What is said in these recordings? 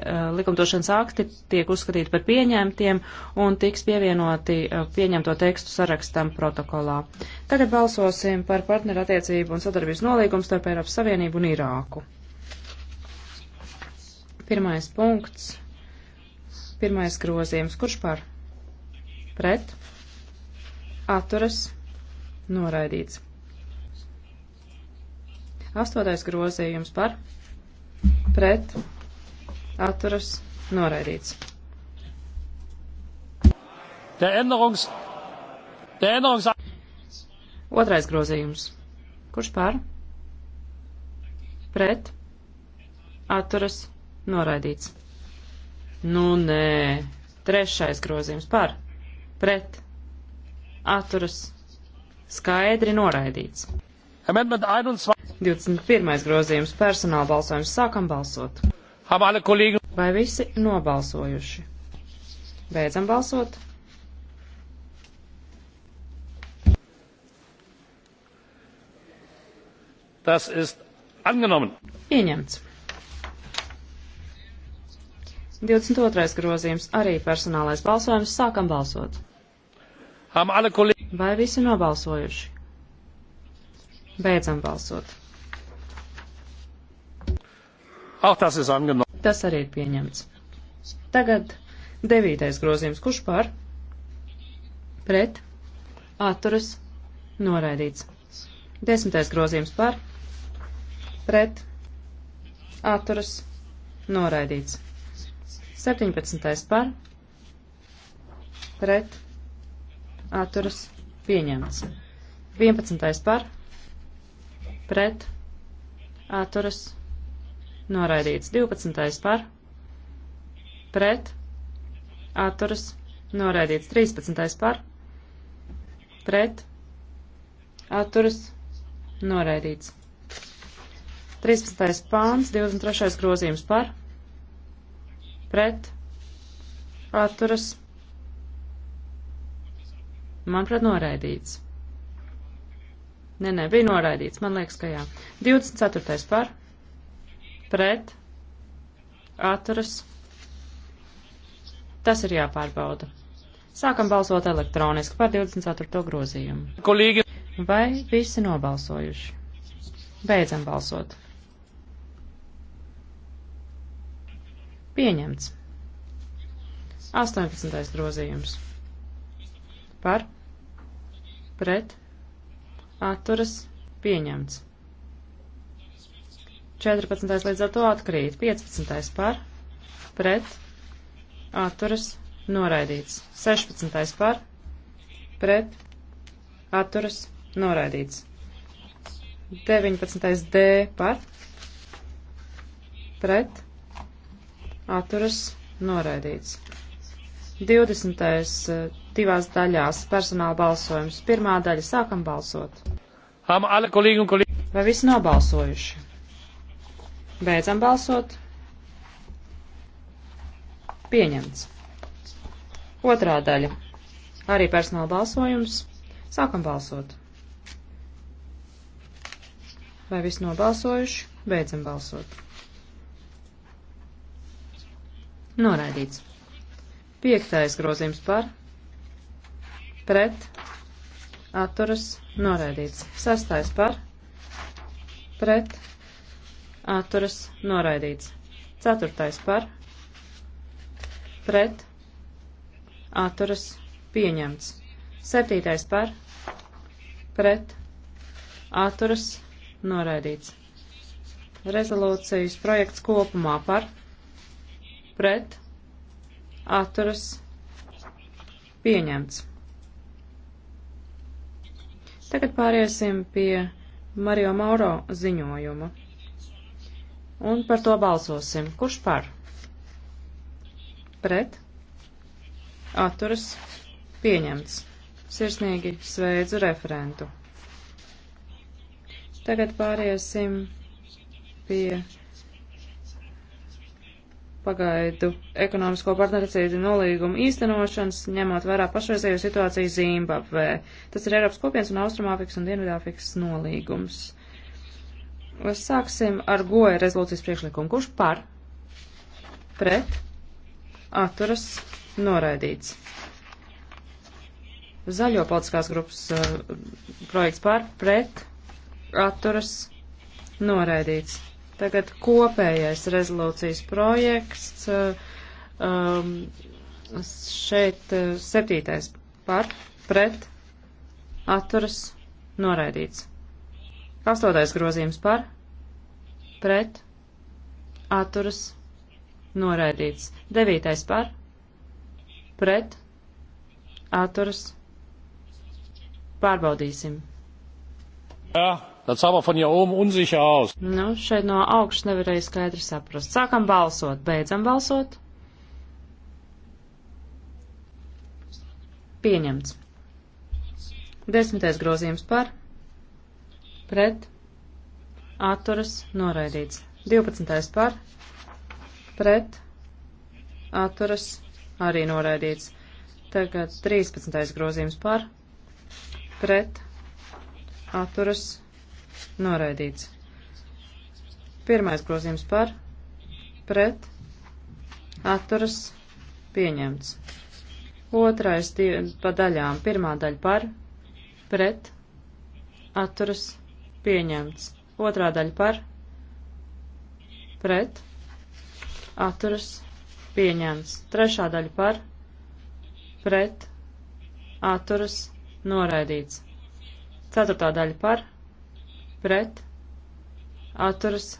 Eh, likumdošanas akti tiek uzskatīti par pieņemtiem un tiks pievienoti eh, pieņemto tekstu sarakstam protokolā. Tagad balsosim par partnerattiecību un sadarbības nolīgumu starp Eiropas Savienību un Irāku. Pirmais punkts. Pirmais grozījums. Kurš par? Pret. Atturas. Noraidīts. Astotais grozījums par. Pret atturas noraidīts. Der Änderungs... Der Änderungs... Otrais grozījums. Kurš pār? Pret? Atturas noraidīts. Nu, nē. Trešais grozījums par. Pret. Atturas skaidri noraidīts. 21. grozījums personāla balsojums. Sākam balsot. Vai visi nobalsojuši? Beidzam balsot. Tas ist angenommen. Pieņemts. 22. grozījums arī personālais balsojums. Sākam balsot. Vai visi nobalsojuši? Beidzam balsot. Auch das ist angenommen. Tas arī ir pieņemts. Tagad devītais grozījums. Kurš par? Pret. Atturas. Noraidīts. Desmitais grozījums par. Pret. Atturas. Noraidīts. 17. par. Pret. Atturas. Pieņemts. 11. par. Pret. Atturas. Noraidīts noraidīts. 12. par, pret, atturas, noraidīts. 13. par, pret, atturas, noraidīts. 13. pāns, 23. grozījums par, pret, atturas, manuprāt, noraidīts. Nē, nē, bija noraidīts, man liekas, ka jā. 24. par, pret, atturas. Tas ir jāpārbauda. Sākam balsot elektroniski par 24. grozījumu. Kolīgi. Vai visi nobalsojuši? Beidzam balsot. Pieņemts. 18. grozījums. Par, pret, atturas, pieņemts. 14. līdz ar to atkrīt. 15. par, pret, atturas, noraidīts. 16. par, pret, atturas, noraidīts. 19. D par, pret, atturas, noraidīts. 20. Eh, divās daļās personāla balsojums. Pirmā daļa sākam balsot. Vai visi nobalsojuši? Beidzam balsot. Pieņemts. Otrā daļa. Arī personāla balsojums. Sākam balsot. Vai viss nobalsojuši? Beidzam balsot. Noraidīts. Piektais grozījums par. Pret. Atturas. Noraidīts. Sastais par. Pret atturas noraidīts. Ceturtais par pret atturas pieņemts. Septītais par pret atturas noraidīts. Rezolūcijas projekts kopumā par pret atturas pieņemts. Tagad pāriesim pie Mario Mauro ziņojuma. Un par to balsosim. Kurš par? Pret? Atturas? Pieņemts. Sirsnīgi sveicu referentu. Tagad pāriesim pie pagaidu ekonomisko partnercību nolīgumu īstenošanas, ņemot vērā pašreizējo situāciju Zimbabvē. Tas ir Eiropas kopienas un Austrumāfikas un Dienvidāfikas nolīgums. Sāksim ar goja rezolūcijas priekšlikumu. Kurš par? Pret? Atturas? Noraidīts. Zaļo politiskās grupas uh, projekts par? Pret? Atturas? Noraidīts. Tagad kopējais rezolūcijas projekts. Uh, um, šeit uh, septītais par? Pret? Atturas? Noraidīts. Astotais grozījums par, pret, atturas, noraidīts. Devītais par, pret, atturas, pārbaudīsim. Jā, tad sava von jau omu unsicher aus. Nu, šeit no augšas nevarēja skaidri saprast. Sākam balsot, beidzam balsot. Pieņemts. Desmitais grozījums par pret, atturas, noraidīts. 12. par, pret, atturas, arī noraidīts. Tagad 13. grozījums par, pret, atturas, noraidīts. Pirmais grozījums par, pret, atturas, pieņemts. Otrais pa daļām. Pirmā daļa par, pret, atturas, pieņemts. Otrā daļa par, pret, atturas, pieņemts. Trešā daļa par, pret, atturas, noraidīts. Ceturtā daļa par, pret, atturas,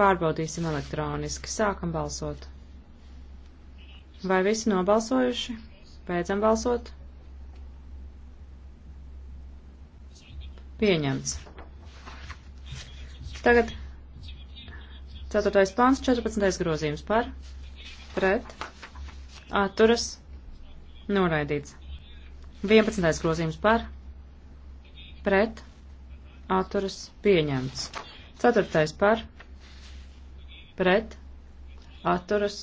pārbaudīsim elektroniski. Sākam balsot. Vai visi nobalsojuši? Beidzam balsot. Pieņemts. Tagad 4. pāns, 14. grozījums par, pret, atturas, noraidīts. 11. grozījums par, pret, atturas, pieņemts. 4. par, pret, atturas,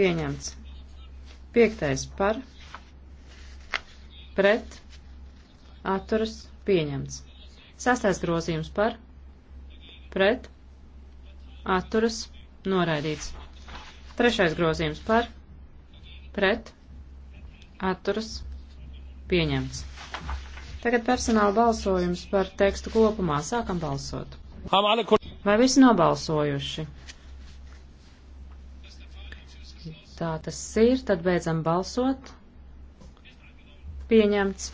pieņemts. 5. par, pret, atturas, pieņemts pieņemts. Sastais grozījums par, pret, atturas, noraidīts. Trešais grozījums par, pret, atturas, pieņemts. Tagad personāla balsojums par tekstu kopumā. Sākam balsot. Vai visi nobalsojuši? Tā tas ir, tad beidzam balsot. Pieņemts.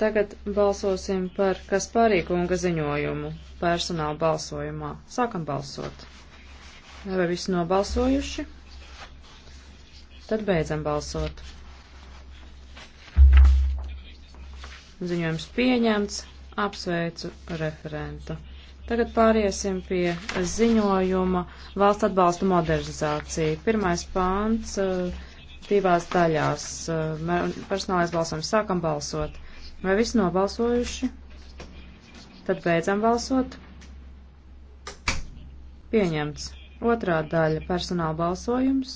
Tagad balsosim par Kasparīkunga ziņojumu personāla balsojumā. Sākam balsot. Vai visi nobalsojuši? Tad beidzam balsot. Ziņojums pieņemts. Apsveicu referentu. Tagad pāriesim pie ziņojuma valsts atbalsta modernizācija. Pirmais pāns uh, divās daļās. Uh, personālais balsojums. Sākam balsot. Vai visi nobalsojuši? Tad beidzam balsot. Pieņemts. Otrā daļa - personāla balsojums.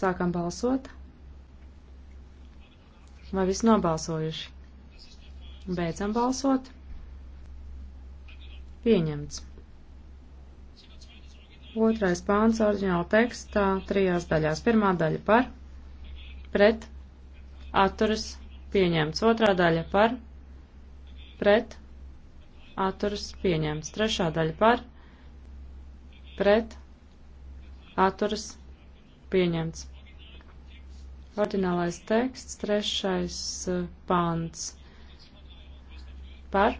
Sākam balsot. Vai visi nobalsojuši? Beidzam balsot. Pieņemts. Otrais pāns oriģināla tekstā trijās daļās. Pirmā daļa par, pret, atturas, pieņemts. Otrā daļa par, pret, atturas pieņemts. Trešā daļa par, pret, atturas pieņemts. Ordinālais teksts, trešais eh, pants par,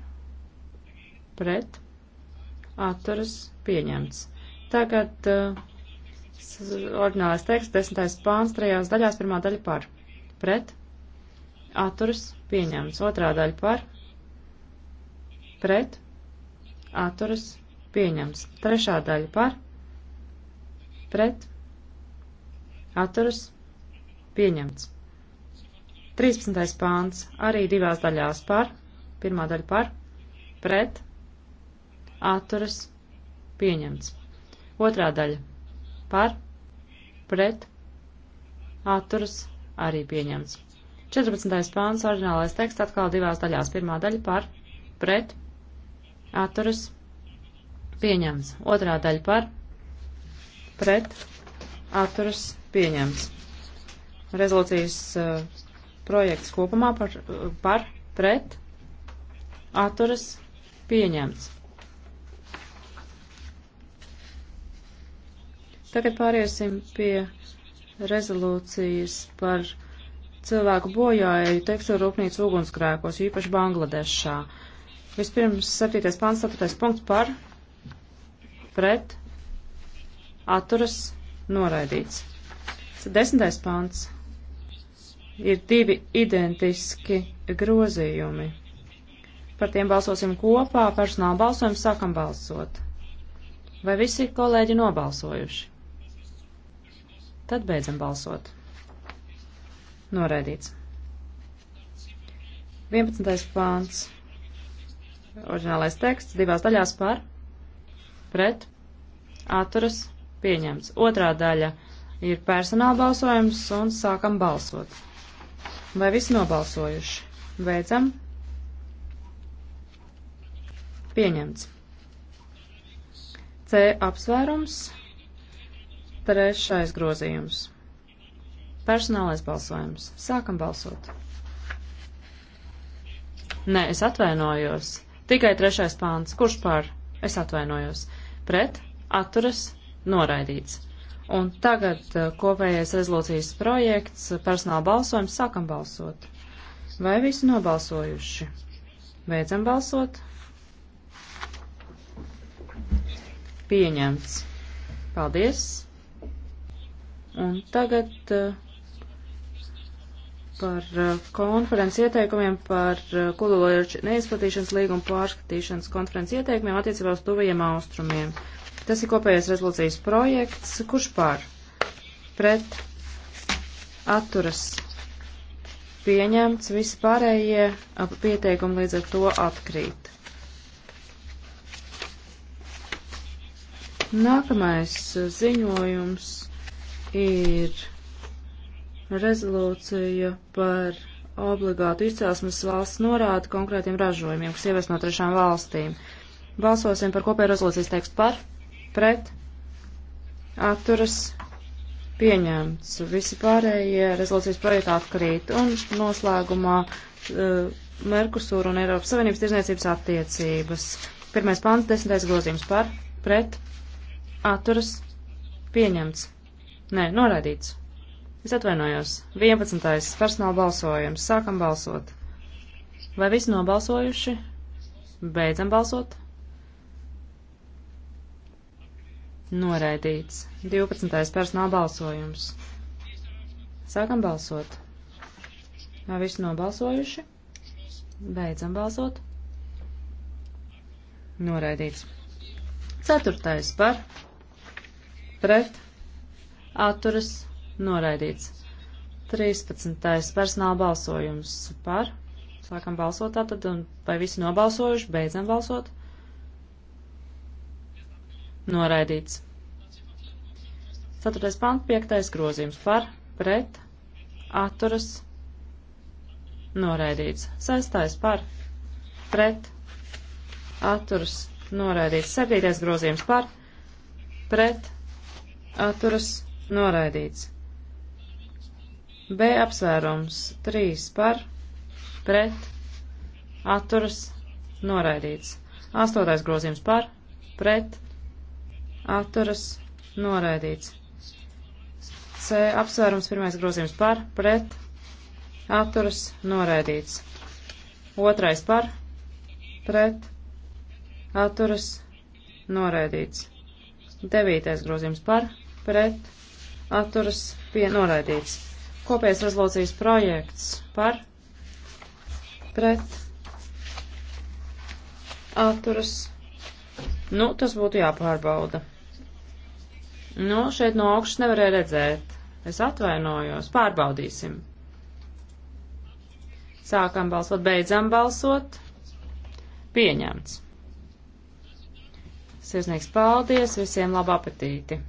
pret, atturas pieņemts. Tagad uh, eh, ordinālais teksts, desmitais pāns, trejās daļās, pirmā daļa par, pret, atturas pieņemts. Otrā daļa par, pret, atturas pieņemts. Trešā daļa par, pret, atturas pieņemts. 13. pāns arī divās daļās par, pirmā daļa par, pret, atturas, pieņemts. Otrā daļa par, pret, atturas, arī pieņemts. 14. pāns, oriģinālais teksts atkal divās daļās. Pirmā daļa par, pret, atturas, pieņems. Otrā daļa par, pret, atturas, pieņems. Rezolūcijas uh, projekts kopumā par, par pret, atturas, pieņemts. Tagad pāriesim pie rezolūcijas par cilvēku bojāja tekstu rūpnīcu ugunsgrēkos, īpaši Bangladešā. Vispirms 7. pāns, 4. punkts par, pret, atturas, noraidīts. 10. pāns ir divi identiski grozījumi. Par tiem balsosim kopā, personāla balsojumu sākam balsot. Vai visi kolēģi nobalsojuši? Tad beidzam balsot. Noraidīts. 11. pāns. Oriģinālais teksts divās daļās par, pret, atturas, pieņemts. Otrā daļa ir personāla balsojums un sākam balsot. Vai visi nobalsojuši? Beidzam. Pieņemts. C apsvērums. Trešais grozījums. Personālais balsojums. Sākam balsot. Nē, es atvainojos. Tikai trešais pāns. Kurš pār? Es atvainojos. Pret, atturas, noraidīts. Un tagad uh, kopējais rezolūcijas projekts, uh, personāla balsojums, sākam balsot. Vai visi nobalsojuši? Beidzam balsot. Pieņemts. Paldies. Un tagad. Uh, par eh, konferences ieteikumiem par eh, kodolieroču neizplatīšanas līgumu pārskatīšanas konferences ieteikumiem attiecībā uz tuvajiem austrumiem. Tas ir kopējais rezolūcijas projekts. Kurš pār? Pret atturas pieņemts, visi pārējie eh, pieteikumi līdz ar to atkrīt. Nākamais ziņojums ir rezolūcija par obligātu izcelsmes valsts norādi konkrētiem ražojumiem, kas ievies no trešām valstīm. Balsosim par kopēju rezolūcijas tekstu par, pret, atturas, pieņemts. Visi pārējie rezolūcijas projekti atkrīt un noslēgumā uh, Merkusūra un Eiropas Savienības tirzniecības attiecības. Pirmais pants, desmitais grozījums par, pret, atturas, pieņemts. Nē, noraidīts. Es atvainojos. 11. personāla balsojums. Sākam balsot. Vai visi nobalsojuši? Beidzam balsot. Noraidīts. 12. personāla balsojums. Sākam balsot. Vai visi nobalsojuši? Beidzam balsot. Noraidīts. 4. par pret atturas noraidīts. 13. personāla balsojums par. Sākam balsot tātad, un vai visi nobalsojuši, beidzam balsot. Noraidīts. 4. pant, 5. grozījums par, pret, atturas, noraidīts. 6. par, pret, atturas, noraidīts. 7. grozījums par, pret, atturas, noraidīts. B apsvērums 3 par, pret, atturas, noraidīts. 8. grozījums par, pret, atturas, noraidīts. C apsvērums 1. grozījums par, pret, atturas, noraidīts. 2. par, pret, atturas, noraidīts. 9. grozījums par, pret, atturas, pie, noraidīts. Kopējas rezolūcijas projekts par pret atturas. Nu, tas būtu jāpārbauda. Nu, šeit no augšas nevarēja redzēt. Es atvainojos. Pārbaudīsim. Sākam balsot, beidzam balsot. Pieņemts. Sirsnīgs paldies, visiem labu apetīti!